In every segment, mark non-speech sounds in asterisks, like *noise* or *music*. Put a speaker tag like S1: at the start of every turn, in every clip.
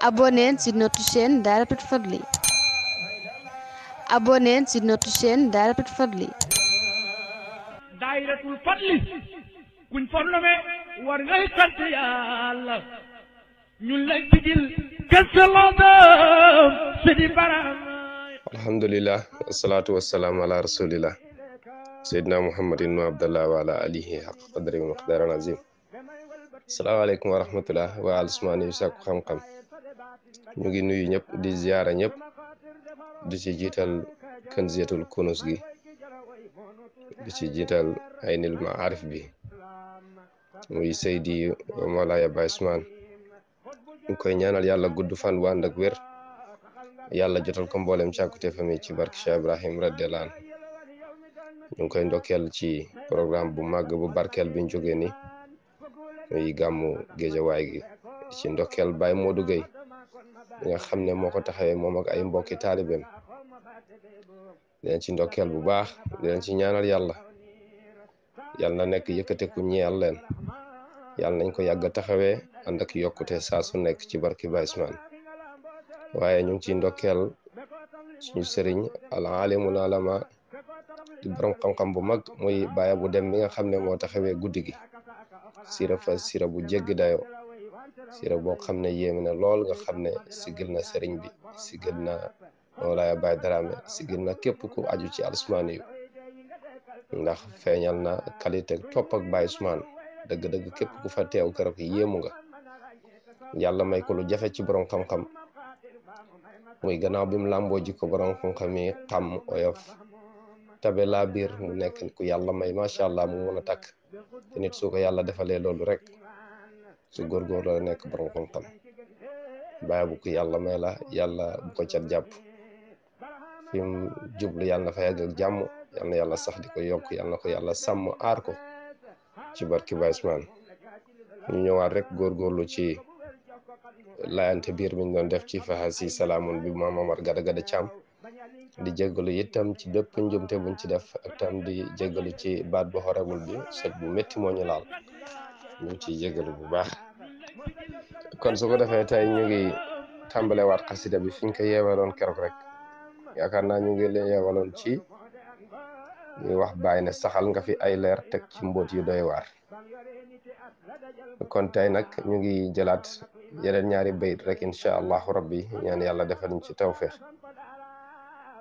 S1: abonnez sur notre chaîne Dahiratoul Fadly abonnez sur notre chaîne Dahiratoul Fadly
S2: Dahiratoul Fadly kuñ fornome war ngay sant Yàlla ñun lay tijil
S1: kësalaadam
S2: sidi baram
S1: alhamdulillah wassalatu wassalamu ala rasulillah sayyidina muhammadin wa abdallah wa ala alihi haqq qadri wa miqdaran azim asalaamaaleykum wa rahmatullah waa alsmaani yu sàkku xam-xam ñu ngi nuyu ñëpp di ziyaara ñëpp di ci jiital kanziyatul kunus gi di ci jiital aynil maarif bi muy Seydi Mawlaaya Baay Usmaan ñu koy ñaanal yàlla gudd fan bu ànd ak wér yàlla jotal ko mboolem càkkute fami ci barke Cheikh Ibrahim radiyallahu anhu ñu ngi koy ndokkeel ci programme bu màgg bu barkeel biñ jógee ni muy gàmmu géejawaay gi ci ndokkeel Baay Modou Gueye bi nga xam ne moo ko taxawee moom ak ay mbokki taalibeem dinañ ci ndokkeel bu baax dinañ ci ñaanal yàlla yàlla na nekk yëkkateku ñeel leen yàlla nañ ko yàgg a taxawee ànd yokkute saa su nekk ci barki Baay Usmaan waaye ñu ngi ciy ndokkeel suñu sëriñ al alimul alama di borom xam-xam bu mag muy Baay bu dem bi nga xam ne moo taxawee guddi gi sira fa sira bu jéggi siira boo xam ne yéeme na lool nga xam ne sigil na sëriñ bi sigil na Mawlaaya Baay Daraame sigil na képp ku aju ci Usmaani yu ndax feeñal na qualité topp ak Baay Usmaan dëgg-dëgg képp ku fa teew kër gi yéemu nga yàlla may ko lu jafe ci borom xam-xam muy gannaaw bi mu làmboo ko borom xam-xam yi xam oyof tabe laa biir mu nekk ku yàlla may macha allah mu mën takk te nit su ko yàlla defalee loolu rek su góorgóor la nekk borom xam-xam bàyyi bu ko yàlla may la yàlla bu ko cat jàpp jublu yàlla na fa yàgg ak jàmm yàlla yàlla sax di ko yokk yàlla na ko yàlla sàmm aar ci barki Baye Ousmane ñu ñëwaat rek góorgóorlu ci laayante biir mi ñu doon def ci faxasi salaamun bi maam Omar Gada Gada Thiam di jéggalu itam ci bépp njumte buñ ci def ak di jéggalu ci baat bu xorewul bi set bu metti moo ñu laal ñu ngi ciy jéggalu bu baax kon su ko defee tey ñu ngi tàmbalewaat xasida bi fi ñu ko yeewaloon keroog rek yaakaar naa ñu ngi leen ci ñuy wax bàyyi ne saxal nga fi ay leer teg ci mbóot yu doy waar kon tey nag ñu ngi jëlaat yeneen ñaari bayit rek incha allahu rabbi ñaan yàlla defal ñu ci tawféex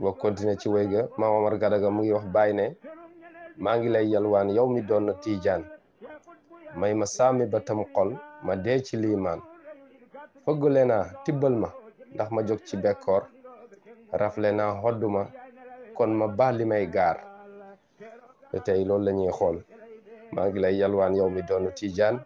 S1: boo continuer ci way ga ma maam Omar Gadaga mu ngi wax bàyyi ne maa ngi lay yalwaan yow mi doon na tiijaan may ma saami ba tam xol ma dee ci liimaan fëggule naa tibbal ma ndax ma jóg ci bekkoor rafle naa xodd kon ma baax may gaar tey loolu la ñuy xool maa ngi lay yalwaan yow mi doonu tiijaan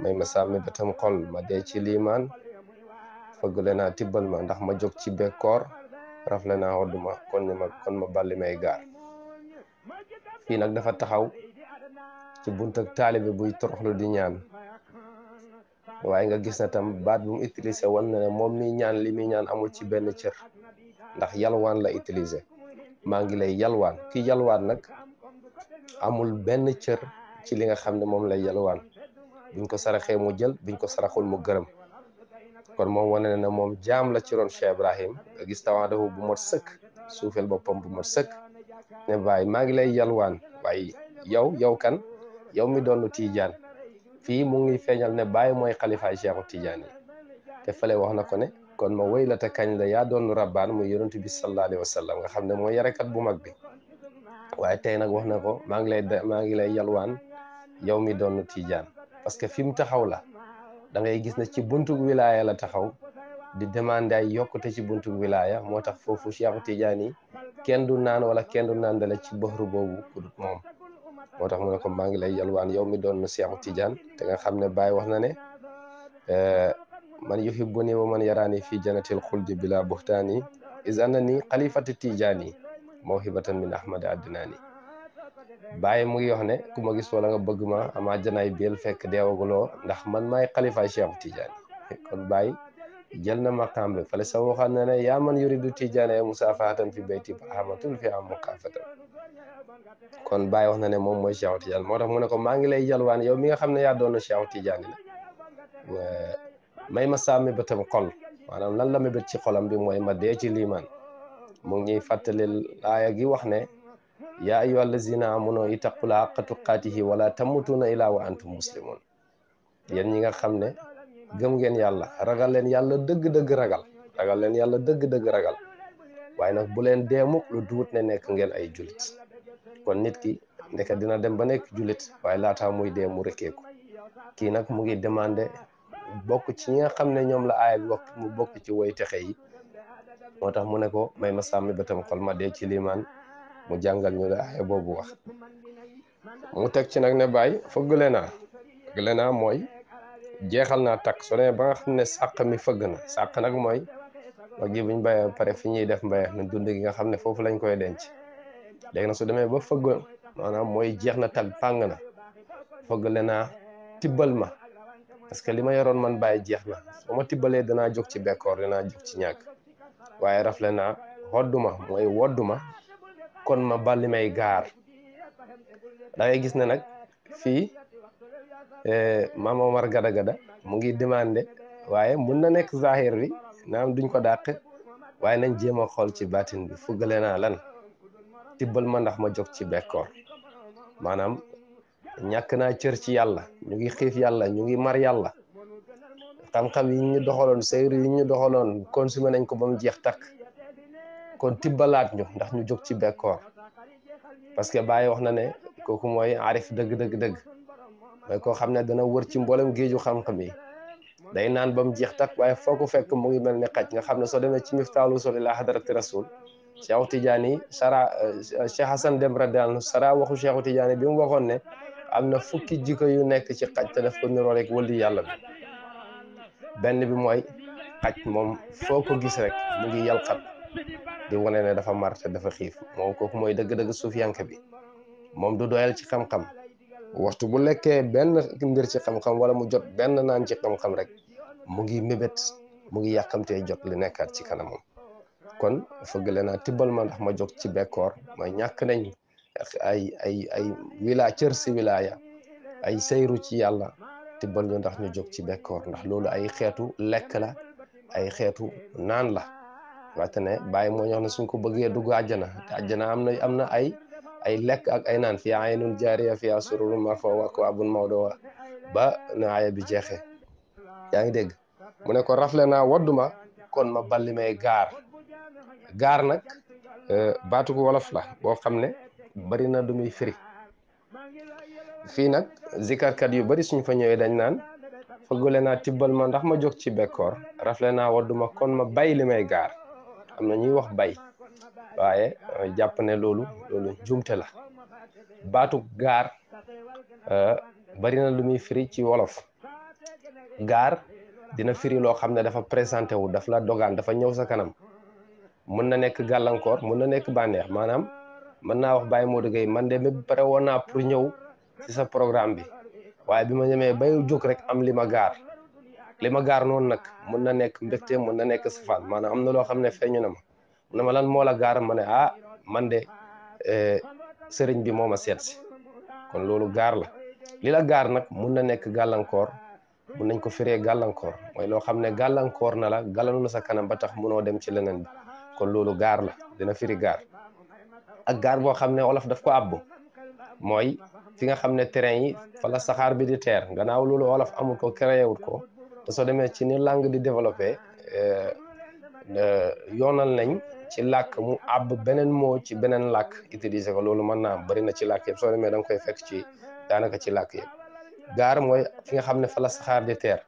S1: may ma sàmmi bëtam xol ma dee ci liimaan fëggule naa tibbal ma ndax ma jóg ci bekkoor rafle naa xodd ma kon ma kon li may gaar fii nag dafa taxaw ci bunt ak taalibe buy toroxlu di ñaan waaye nga gis na tam baat bu mu utilisé na moom mi ñaan li muy ñaan amul ci benn cër ndax yalwaan la utilisé maa ngi lay yalwaan ki yalwaan nag amul benn cër ci li nga xam ne moom lay yalwaan biñ ko saraxee mu jël buñ ko saraxul mu gërëm kon moom wane na ne moom jaam la ci roon Cheikh Ibrahim nga gis tawaa dafa bu mot sëkk suufel boppam bu mot sëkk ne waaye maa ngi lay yalwaan waaye yow yow kan yow mi doon tiijaan fii mu ngi feeñal ne bàyyi mooy xalifaay Cheikhu Tidiane te fële wax na ko ne kon ma wéy la te kañ la yaa doon rabbaan muy yonent bi sallallahu alayhi wa sallam nga xam ne mooy yarekat bu mag bi waaye tey nag wax na ko maa ngi lay maa ngi lay yalwaan yow mi doon Tidiane parce que fi mu taxaw la da ngay gis ne ci buntu wilaaya la taxaw di demande ay yokkute ci buntu wilaaya moo tax foofu Cheikhu Tidiane yi kenn du naan wala kenn du naan dala ci bëxru boobu ku dul moo tax mu ne ko maa ngi lay yalwaan yow mi doon Seexu Tijaan te nga xam ne Baay wax na ne euh, man yuhibbuni wa man yaraani fii jannatil xuldi bila buxtaani is annani xalifati Tijaani mawhibatan min Ahmad Adnaani Baay mu ngi wax ne ku ma gis wala nga bëgg ma ama janaay biel fekk deewaguloo ndax man may xalifaay Seexu Tijaan *laughs* kon Baay jël na maqaam bi fale sa waxaan na ne yaa man yuridu Tijaani musaafaatan fi bayti ba xamatul fi am mukaafatan kon Baye wax na ne moom mooy Cheikh Tidiane moo tax mu ne ko maa ngi lay jal yalwaan yow mi nga xam ne yaa doon Cheikh Tidiane la may ma saa mébétam xol maanaam lan la mébét ci xolam bi mooy ma dee ci liimaan mu ngi ñuy fàttali laaya gi wax ne yaa ayyuha allazina amanu ittaqula haqqa tuqaatihi wala tamutunna illaa wa antum muslimun yéen ñi nga xam ne gëm ngeen yàlla ragal leen yàlla dëgg-dëgg ragal ragal leen yàlla dëgg-dëgg ragal waaye nag bu leen dee duut ne nekk ngeen ay jullit kon nit ki ndeke dina dem ba nekk jullit waaye laataa muy dee mu rëkkeeku kii nag mu ngi demande bokk ci ñi nga xam ne ñoom la aaya bi mu bokk ci woy texe yi moo tax mu ne ko may ma sàmmi ba tam xol ma dee ci liimaan mu jàngal ñu la aaya boobu wax mu teg ci nag ne bàyyi fëggale naa fëggale naa mooy jeexal naa takk soo demee ba nga xam ne sàq mi fëgg na sàq nag mooy wax ji buñ bayee pare fi ñuy def mbayeef mi dund gi nga xam ne foofu lañ koy denc léegi na su demee ba fëgg maanaam mooy jeex na tal pàng na fëggale naa tibbal ma parce que li ma yoroon man ba jeex na soo ma tibbalee danaa jog ci bekkoor danaa jóg ci ñàkk waaye rafle naa xodduma mooy wodduma kon ma balli may gaar da gis ne nag fii eh, Mame Omar Gada Gada mu ngi demandé waaye mun na nekk zahir bi naam duñ ko dàq waaye nañ jéem a xool ci baatin bi fuggale naa lan tibbal ma ndax ma jog ci bekkoor maanaam ñàkk naa cër ci yàlla ñu ngi xiif yàlla ñu ngi mar yàlla xam-xam yi ñu doxaloon sayru yi ñu doxaloon consumé nañ ko ba mu jeex takk kon tibbalaat ñu ndax ñu jóg ci bekkoor parce que Baye wax na ne kooku mooy arif dëgg dëgg dëgg mooy koo xam ne dana wër ci mboolem géeju xam-xam yi day naan ba mu jeex takk waaye foo ko fekk mu ngi mel ni xaj nga xam ne soo demee ci miftaalu soli laa hadarati rasul Cheikhu Tidiane sara euh, Cheikh Hassan Dem radiyallahu anhu sara waxu Cheikhu Tidiane bi mu waxoon ne am na fukki jikko yu nekk ci xaj te daf ko niroo rek wëlli yàlla bi benn bi mooy xaj moom foo ko gis rek mu ngi yalxat di wane ne dafa mar te dafa xiif moom kooku mooy dëgg-dëgg suuf yank bi moom du doyal ci xam-xam waxtu bu lekkee benn ngir ci xam-xam wala mu jot benn naan ci xam-xam rek mu ngi mébét mu ngi yàkkamtee jot li nekkaat ci kanamam kon fëgg leen a tibbal ma ndax ma jóg ci bekkoor mooy ñàkk nañ ay ay ay wila cër si wilaaya ay sayru ci yàlla tibbal ñu ndax ñu jóg ci bekkoor ndax loolu ay xeetu lekk la ay xeetu naan la waxte ne bàyyi moo ñox ne suñ bëggee dugg àjjana te àjjana am na am na ay ay lekk ak ay naan fiyaa aynun jaariya fiyaa sururun marfuwa wa ba na aaya bi jeexee yaa ngi dégg mu ne ko rafle naa wadduma kon ma balli may gaar gaar nag euh, baatu bu wolof la boo xam ne bari na du muy firi fii nag zikarkat yu bari suñ fa ñëwee dañ naan fëggale naa tibbal ma ndax ma jóg ci bekkoor rafle naa wadduma kon ma bay li may gaar am na ñuy wax bay waaye euh, jàpp ne loolu loolu njuumte la baatu gaar euh, bari na lu muy firi ci wolof gaar dina firi loo xam ne dafa présenté wu daf la dogaan dafa ñëw sa kanam mën na nekk gàllankoor mun na nekk bànneex maanaam mën naa wax Baye Modou Gueye man de même pare woon naa pour ñëw ci sa programme bi waaye bi ma ñemee bay jóg rek am li ma gaar li ma gaar noonu nag mën na nekk mbégte mën na nekk safaan maanaam am na loo xam ne feeñu na ma lan moo la gaar ma ne ah man de eh, sëriñ bi moo ma seet si kon loolu gaar la li la gaar nag mun na nekk gàllankoor mun nañ ko firee gàllankoor mooy loo xam ne gàllankoor na la gàllanu na sa kanam ba tax munoo dem ci leneen bi kon loolu gaar la dina firi gaar ak gaar boo xam ne olof daf ko ab mooy fi nga xam ne terrain yi fa la saxaar bi di teer gannaaw loolu olof amul ko créé wut ko te soo demee ci ni langue di développé euh, euh, yoonal nañ ci làkk mu àbb beneen moo ci beneen làkk utiliser ko loolu mën naa bari na ci làkk yëpp soo demee da nga koy fekk ci daanaka ci làkk yëpp gaar mooy fi nga xam ne fa la saxaar di teer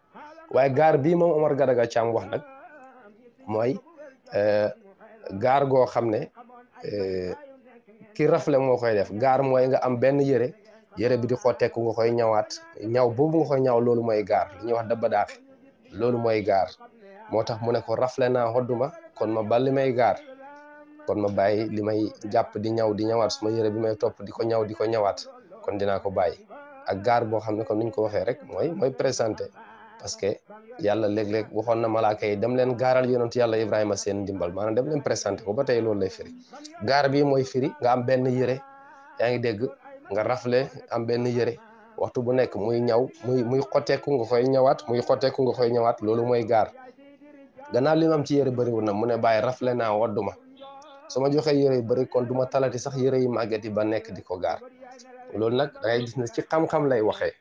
S1: waaye gaar bii moom Omar Gadaga Thiam wax nag mooy euh, gaar goo xam ne eh, ki rafle moo koy def gaar mooy nga am benn yëre yëre bi di xotteeku nga koy ñawaat ñaw boobu nga koy ñaw loolu mooy gaar li ñuy wax dabba daaxi loolu mooy gaar moo tax mu ne ko rafle naa ma kon ma bal li may gaar kon ma bàyyi li may jàpp di ñaw di ñawaat suma yëre bi may topp di ko ñaw di ko ñawaat kon dinaa ko bàyyi ak gaar boo xam ne comme niñ ko waxee rek mooy mooy présenté parce que yàlla léeg-léeg waxoon na malaaka yi dem leen gaaral yoonoon yonent yàlla Ibrahima seen ndimbal maanaam dem leen présenté ko ba tey loolu lay firi gaar bi mooy firi nga am benn yëre yaa ngi dégg nga rafle am benn yëre waxtu bu nekk muy ñaw muy muy xoteeku nga koy ñawaat muy xoteeku nga koy ñawaat loolu mooy gaar gannaaw li ma ci yëre bëriwul na mu ne bàyyi rafle naa wadduma su ma joxee yëre yu bëri kon du ma talati sax yëre yi màgget yi ba nekk di ko gaar loolu nag dangay gis ne ci xam lay waxee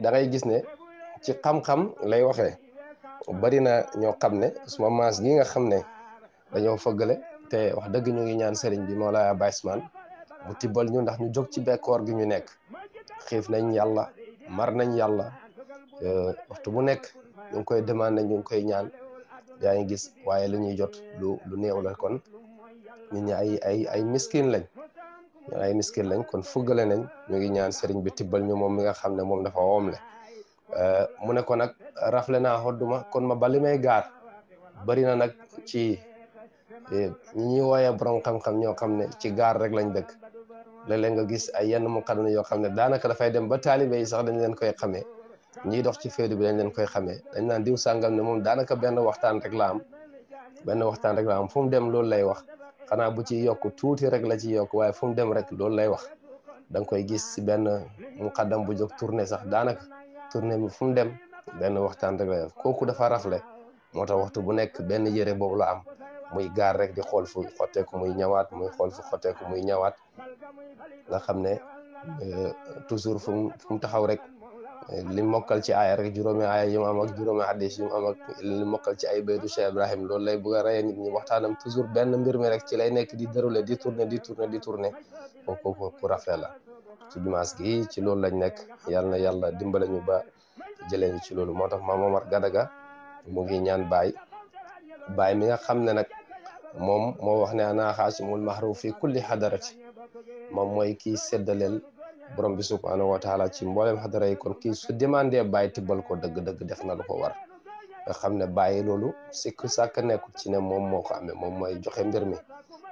S1: da gis ne ci xam-xam lay waxe bari na ñoo xam ne suma maas gi nga xam ne dañoo fëggale te wax dëgg ñu ngi ñaan sëriñ bi Mawlaya Baye Ousmane mu tibbal ñu ndax ñu jóg ci bekkoor gi ñu nekk xiif nañ yàlla mar nañ yàlla eh, waxtu bu nekk ñu ngi koy demandé ñu koy ñaan yaa ngi gis waaye li ñuy jot lu lu néew la kon ñun ñi ay ay ay miskin lañ ñun ay lañ kon fuggale nañ ñu ngi ñaan sëriñ bi tibbal ñu moom mi nga xam ne moom dafa woomle euh, mu ne ko nag rafle naa xodduma kon ma bali may gaar bari na nag ci eh, ñi ñuy wooyee borom xam-xam ñoo xam ne ci gaar rek lañ dëkk léeg-léeg nga gis ay yenn muqaddam yoo xam ne daanaka dafay dem ba taalibe yi sax dañ leen koy xamee ñiy dox ci féedu bi dañ leen koy xamee dañ naan diw sàngam ne moom daanaka benn waxtaan rek la am benn waxtaan rek la am dem loolu lay wax xanaa bu ci yokk tuuti rek la ci yokk waaye fu mu dem rek loolu lay wax da nga koy gis si benn muqaddam bu jóg tournée sax daanaka tournée bi fu mu dem benn waxtaan rek lay def kooku dafa rafle moo tax waxtu bu nekk benn yëre boobu la am muy gaar rek di xool fu xotteeku muy ñawaat muy xool fu muy ñawaat nga xam ne euh, toujours fu mu taxaw rek li mokkal ci aaya rek juróomi aaya yu mu am ak juróomi hadis yu am ak ci ay baytu Cheikh Ibrahim loolu lay bëgg a rey nit ñi waxtaanam toujours benn mbir mi rek ci lay nekk di déroulé di tourné di tourné di tourné kooku ku rafet la ci dimanche gi ci loolu lañ nekk yal na yàlla ñu ba jëlee ci loolu moo tax maam Omar Gadaga mu gi ñaan baay baay mi nga xam ne nag moom moo wax ne ana xaasimul mahru fi kulli hadarati moom mooy kii séddaleel borom bi subhanahu wa taala ci mboolem xadara yi kon kii su demandé bàyyi tibbal ko dëgg-dëgg def na lu ko war nga xam ne bàyyi loolu sikk sàkk nekkul ci ne moom moo ko amee moom mooy joxe mbir mi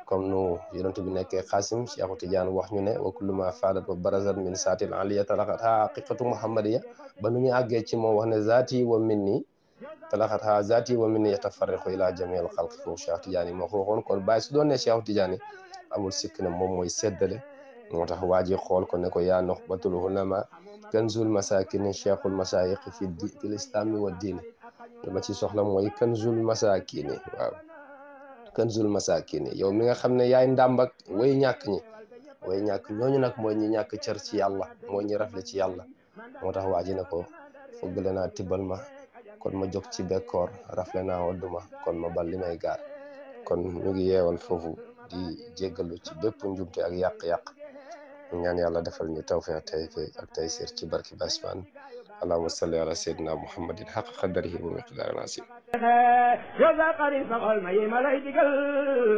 S1: comme nu yonent bi nekkee xaasim Cheikhu Tidiane wax ñu ne wa kullu ma faadat wa barazat min saatil aliya talaxat ha haqiqatu muhammadiya ba nu ñu àggee ci moom wax ne zaati wa min nii talaxat ha zaati wa min nii yatafarriqu ila jamiil xalqi foofu Cheikh Tidiane yi moo ko waxoon kon bàyyi su doon ne Cheikhu Tidiane amul sikk ne moom mooy seddale moo tax waa ji xool ko ne ko yaa nuxbatul ulama kanzul masakini cheikhul masayix fi di fil islami wa diini dama ci soxla mooy kanzul masakini waaw kanzul masakini yow mi nga xam ne yaay ndàmbak way ñàkk ñi way ñàkk ñooñu nag mooy ñi ñàkk cër ci yàlla mooy ñi rafle ci yàlla moo tax waa ji ne ko fëggale naa tibbal ma kon ma jóg ci bekkoor rafle naa ma kon ma bal li may gaar kon ñu ngi yeewal foofu di jéggalu ci bépp njumte ak yàq-yàq ñaan yàlla defal ñu tawfeex tey ak tey siir ci barki basman allahumma salli ala sayyidina muhammadin haqqa qadarihi wa miqdaarihi al-aziim
S2: yow daa xarit sa xol ma yi ma lay digal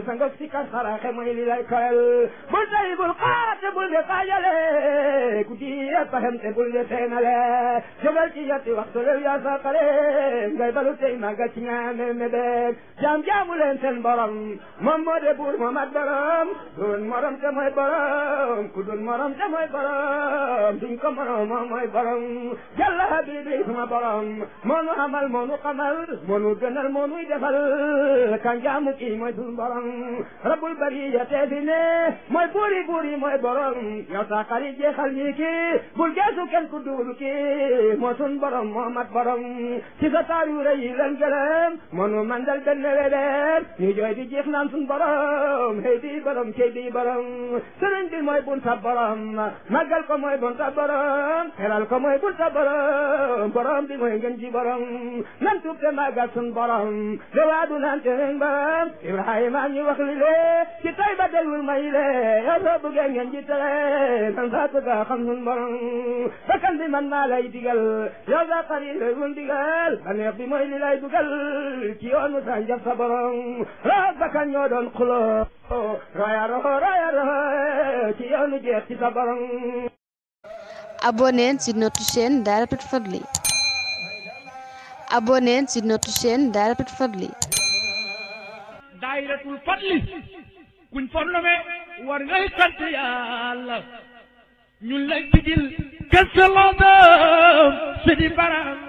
S2: sa nga si ka saraxe mooy li lay korel bul tay bul xaate bul de xaajale ku ci yet paxem te bul de seenale jógal ci yetti waxtu lew yaa sa xale ngay balu tey màgga ci ñaame mébéeg jaam jaamu leen seen borom moom moo de moom at borom doon morom te mooy borom ku doon morom mooy borom duñ ko habibi suma borom moo nu amal moo munu gënal moo nuy defal kanjaamu kii mooy sunu borom rabbul bariya teefi ne mooy buuri buuri mooy borom yow sa xarit jeexal ñii kii bul geesu kenn ku duul kii moo sunu borom moo mat borom ci sa taar yu rëy yi ren gëlëm moo nu mandal benn wedeen ñu jooy di jeex naan sunu borom xëy di borom cey di borom sëriñ bi mooy bunta borom màggal ko mooy bunta borom teral ko mooy bunta borom borom bi mooy ngën ji borom nan tuub te màggal sun borom de waadu naan te ngeen borom Ibrahima ñu wax li lee ci tay ba delwul may lee yow soo buggee ngeen ji tele nan saa bëgga xam sun borom bakkan bi man naa lay digal yow saa xari lay mun digal baneex bi mooy li lay dugal ci yoonu sa njab sa borom raw bakkan ñoo doon xuloo
S1: abonnez sur notre chaîne Dahiratoul Fadly abonnez sur notre chaîne Dahiratoul
S2: war ngay sant Yàlla ñun lay digil gëstu loo si di baram